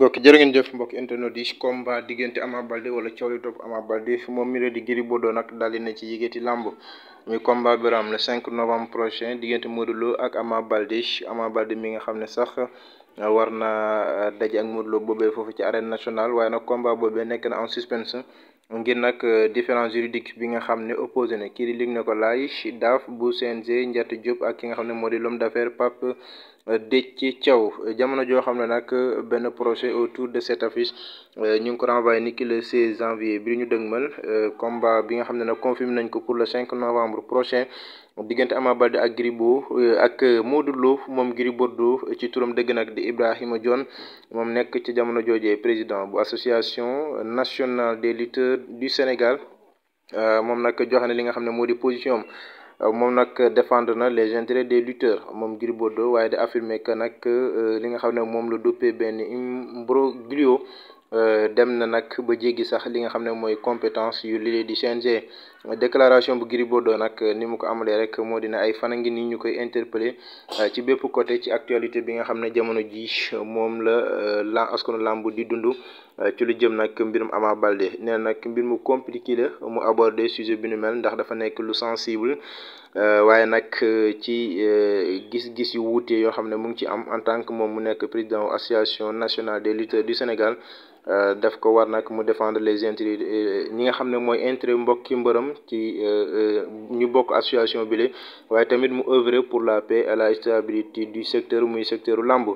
mbokk jërë ngeen jëf mbokk internet yi combat diggante Ama Baldé wala coow li topp Ama Baldé moom mi la di Gris Bordeaux na ci yëgati làmb muy combat bi am le 5 novembre prochain diggante Modou ak Ama Baldé mi nga xam ne sax euh, war na euh, daje ak Modou Lo boobee foofu ci arène national waaye na combat boobee nekk na en suspense ngir nag euh, différence juridique bi nga xam ne opposé na kii di ko laay daaf bu CNG Ndiaye Diop ak ki nga xam ne moo di l'homme ci Thiaw jamono joo xam ne nag benn procès autour de cette affiche euh, ñu ngi ko renvoyé niki le 16 janvier bi ñu dëgmal euh, combat bi nga xam ne nag confirmé nañ ko pour le 5 novembre prochain diggante amaa Baldé ak Gris Bordeaux euh, ak Modou Lo moom Gris du ci turam dëgg nag di Ibrahima Dione moom nekk ci jamono joojee président bu association nationale des lutteurs du Sénégal moom nag joxe na li nga xam ne moo di position moom nag défendre na les intérêts des lutteurs moom Gris Bordeaux waaye de affirmer que nag euh, li nga xam ne moom la duppee benn imbroglio euh, dem na nag ba jéggi sax li nga xam ne mooy compétence yu lii di CNG déclaration bu Gris Bordeaux nag euh, ni mu ko amalee rek moo dina ay fan a ngi ni ñu koy interpeller euh, ci bépp côté ci actualité bi nga xam ne jamono ji euh, moom la la askanu làmb di dundu ci lu jëm nag mbirum Ama Baldé nee nag mbir mu compliqué la mu aborder sujet bi nu mel ndax dafa nekk lu sensible waaye nag ci gis-gis yu wuute yoo xam ne mu ngi ci am en tant que moom mu nekk président association nationale de lutteurs du Sénégal daf ko war nag mu defendre les intérêts ñi nga xam ne mooy intérêt mbokki mbërëm am ci euh, euh, ñu bokk association bi le waaye tamit mu œuvrer pour la paix la stabilité du secteur muy secteur secteuru làmb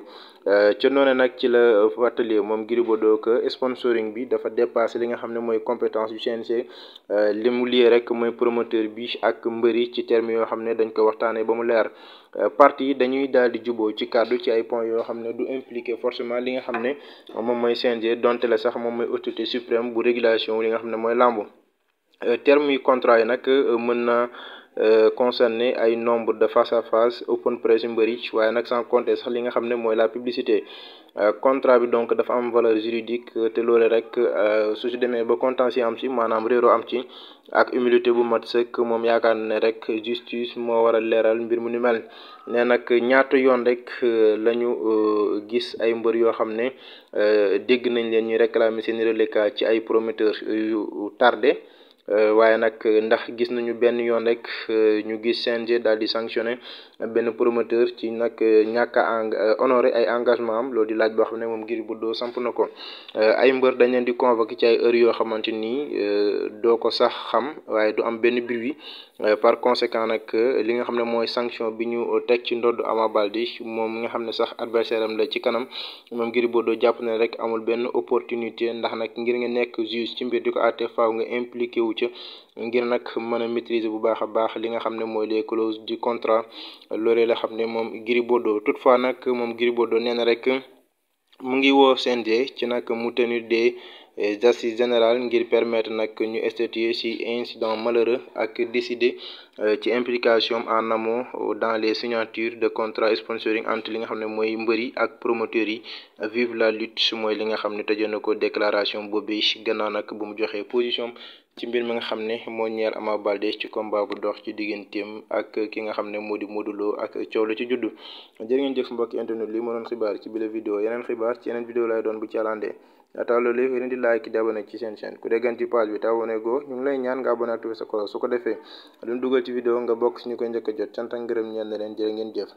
euh, ca noonu nag ci la fàttali moom Gris doo que sponsoring bi dafa dépassé li nga xam ne mooy compétence du CNG li mu rek mooy promoteur bi ak mbëri ci terme yoo xam ne dañ ko waxtaanee ba mu leer parti dañuy daal di juboo ci kàddu ci ay points yoo xam ne du impliqué forcément li nga xam ne moom mooy CNG donte la sax moom mooy autorité suprême bu régulation li nga xam ne mooy làmb Euh, termes yu contrat yi nag euh, mën na euh, concerner ay nombre de face à face open press yu mbëri waaye nag sans compter sax li nga xam ne mooy la publicité contrat bi donc dafa am valeur juridique te loole rek su si demee ba contentieux am ci maanaam réeroo am ci ak humilité bu mat sëkk moom yaakaar ne rek justice moo war a leeral mbir mu ni mel ne nag ñaata yoon rek la ñu gis ay mbër yoo xam ne dégg nañ leen ñuy réclamer seen reliquat ci ay prometteurs yu Euh, waaye nag ndax gis nañu benn yoon rek euh, ñu gis CNG daal di sanctionné benn promoteur ci nag euh, ñàkk a honoré ay engagement am loolu di laaj boo xam ne moom ngir bu doo samp na ko ay mbër dañ leen di convoqué ci ay heures yoo xamante ni doo ko sax xam waaye du am benn bruit par conséquent nag li nga xam ne mooy sanction bi ñu teg ci ndodd Ama Baldé moom nga xam ne sax adversaire am la ci kanam moom ngir bu doo jàpp ne rek amul benn opportunité ndax nag ngir nga nekk juge ci mbir di ko àtte faaw nga impliqué wu ci ngir nag mën a maîtriser bu baax a baax li nga xam ne mooy les clauses du contrat loolee la xam ne moom Gris Bordeaux fois nag moom Gris Bordeaux nee na rek mu ngi woo CNG ci nag mu tenir des assises générales ngir permettre nag ñu statuer ci incident malheureux ak décider euh, ci implication en amont dans les signatures de contrat sponsoring entre li nga xam ne mooy mbër yi ak promoteurs yi vive la lutte mooy li nga xam ne tëjoon na ko déclaration boobu gannaaw nag bu mu joxee position ci mbir mi nga xam ne moo ñeel Ama Baldé ci combat bu dox ci digganteem ak ki nga xam ne moo di Modou Lo ak coow lu ci juddu jërë ngeen jëf mbokki internet li moo doon xibaar ci bile vidéo yeneen xibaar ci yeneen vidéo lay doon bu ci àlande laataa loolu yëpp yeneen di like di abonné ci seen chaîne ku dégganti page bi te abonné goo ñu ngi lay ñaan nga abonné activé sa ko defee lu ñu dugal ci vidéo nga bokk suñu koy njëkk jot sant ngërëm ñeen na leen jërë ngeen jëf